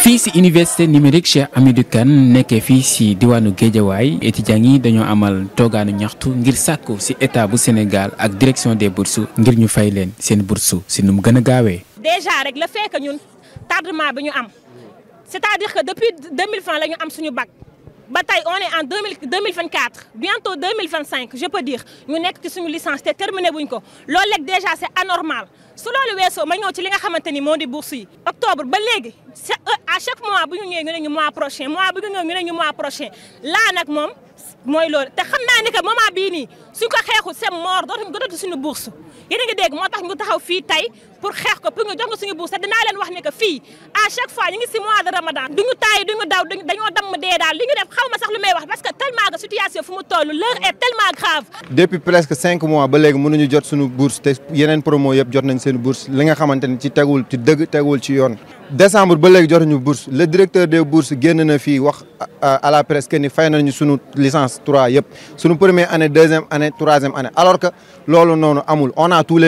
fii ci université numérique Cheikh Hamidou nekkee fii ci diwaanu Géejawaay étudiants yi dañoo amal toogaanu ñaxtu ngir sàkku ci état bu senegaal ak direction des bourses ngir ñu fay leen seen bourse si nu mu gën a gaawee. déjà rek le fait que ñun tardement bi ñu am c'est-à-dire que depuis 2000 francs la ñu am suñu bac. ba tey on est en deux mille deux mille vingt quatre bientôt deux mille vingt cinq je peux dire ñu nekk ci suñu licence te terminé buñ ko loolu léegi déjà c' est anormal su loolu weesoo ma ñëw ci li nga xamante ni moo di bourse yi. octobre ba léegi euh, à chaque mois bu ñu bu ñu ñëwee ñu ne ñu mois prochain laa nag moom mooy loolu te xam naa ni que bii nii suñ ko xeexu c' est mort dootuñu dootuñu suñu bourse ngi dégg moo tax ñu taxaw fii tey pour xeex ko pour ñu jox ko suñu bourse te dinaa leen wax ne fii. à chaque fois ñu ngi si mois de ramadan duñu taay duñu daw dañoo damm dee daal li ñu def xaw sax lu may wax parce que tellement que situation fu mu toll l'heure est tellement grave depuis presque cinq mois ba léegi mënuñu jot suñu bourse te yeneen promo yëpp jot nañ seen bourse li nga xamante ni ci tegul ci dëgg tegul ci yoon décembre ba léegi jotuñu bourse le directeur des bourses génn na fii wax euh, à la presse ni fay na nañu suñu licence 3 yëpp suñu première année deuxième année troisième année alors que loolu noonu amul on a tous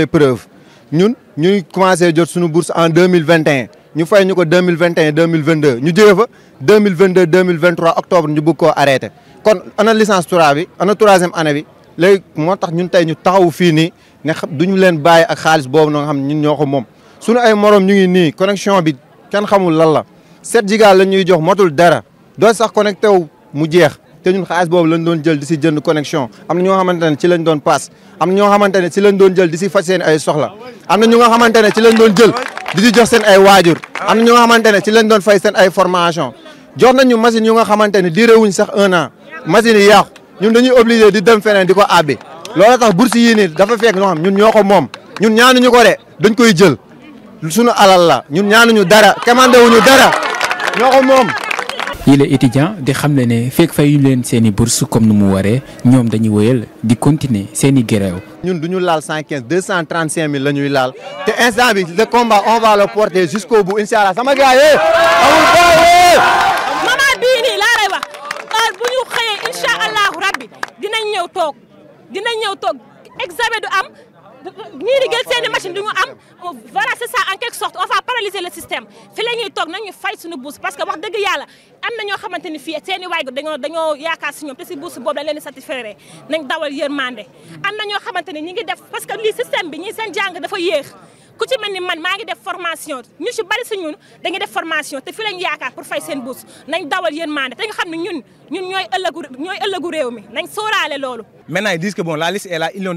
ñun ñuy commencé jot suñu bourse en 2021 ñu fay ñu ko deux mille vingt et un deux mille vingt deux ñu jóge fa deux mille vingt deux deux mille vingt trois octobre ñu bëgg koo arrêté. kon ana licence Tura bi ana troisième année bi léegi moo tax ñun tey ñu taxaw fii nii du ñu leen bàyyi ak xaalis boobu nga xam ñun ñoo ko moom. suñu ay morom ñu ngi nii connexion bi kenn xamul lan la 7 giga la ñuy jox motul dara doo sax connecté wu mu jeex. te ñun boobu lañ doon jël di si jënd connexion am na ñoo xamante ne ci lañ doon paas am na ñoo xamante ne ci lañ doon jël di si faj seen ay soxla am na ñu nga xamante ne ci lañ doon jël. di ñu jox seen ay waajur am na ñoo xamante ne ci lañ doon fay seen ay formation jox nañu machine yu nga xamante ne diréewuñ sax un an machine yi yàqu ñun dañuy obligé di dem feneen di ko abbi loolu tax bourse si nii dafa fekk ñoo xam ñun ñoo ko moom ñun ñaanuñu ko de dañ koy jël suñu alal la ñun ñu dara wu wuñu dara ñoo ko moom yi la étudiant di xam le ne fekk fa yu leen seeni i bourse comme nu mu waree ñoom dañuy wëyal di continuer seeni i grève ñun du laal cent quinze cent trente cinq mille ñuy laal te instant bi le combat on va le porter jusqu'au bout incha allah sama gars yee bii nii laa wax heure bu ñu xëyee incha allahu rabbi dinañ ñëw toog dinañ ñëw toog examen du am ñii di jël machine du am voilà c'est en quelque sorte analyser le système fi la toog nañu fay suñu bourse parce que wax dëgg yàlla am na ñoo xamante ni fii seen i dañoo yaakaar si ñoom te si bourse boobu dañ leen di satisfaire nañ dawal yërmande am na ñoo xamante ñi ngi def parce que lii système bi ñi seen jàng dafa yéex ku ci ni man maa ngi def formation ñu ci bari si ñun dañuy def formation te fi lañ yaakaar pour fay seen bourse nañ dawal yërmande te nga xam ne ñun ñun ñooy ëllëgu que bon la liste est là ils l'ont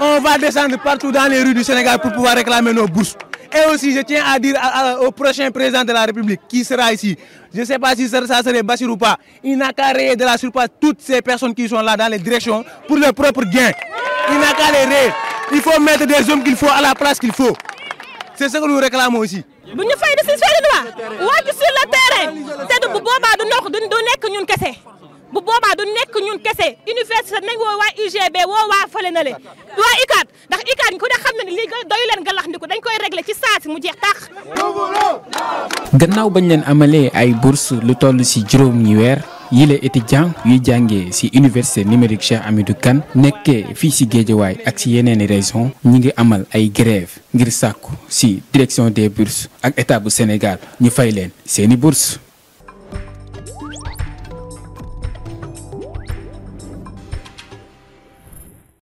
on va descendre partout dans les rues du Sénégal pour pouvoir réclamer nos bourses. Et aussi, je tiens à dire au prochain président de la République qui sera ici, je ne sais pas si ça, ça serait Bassir pas, il n'a qu'à rayer de la surface toutes ces personnes qui sont là dans les directions pour leur propre gain. Il n'a qu'à les rayer. Il faut mettre des hommes qu'il faut à la place qu'il faut. C'est ce que nous réclamons aussi. bu ñu fay di si seen droit bu boobaa du nekk ñun kese université nañ woo waa UGB woo waa fële na le waa ICAT ndax ICAT ku ne xam na ne lii doyu leen galax dañ koy régler ci saa mu jeex tax gannaaw bañ leen amalee ay bourse lu toll ci juróom ñi weer yile étudiant yuy jàngee ci université numérique Cheikh Hamidou Kane nekkee fii ci Guédiawaye ak ci yeneeni région ñi ngi amal ay grève ngir sàkku ci direction des bourses ak état bu Sénégal ñu fay leen seeni bourse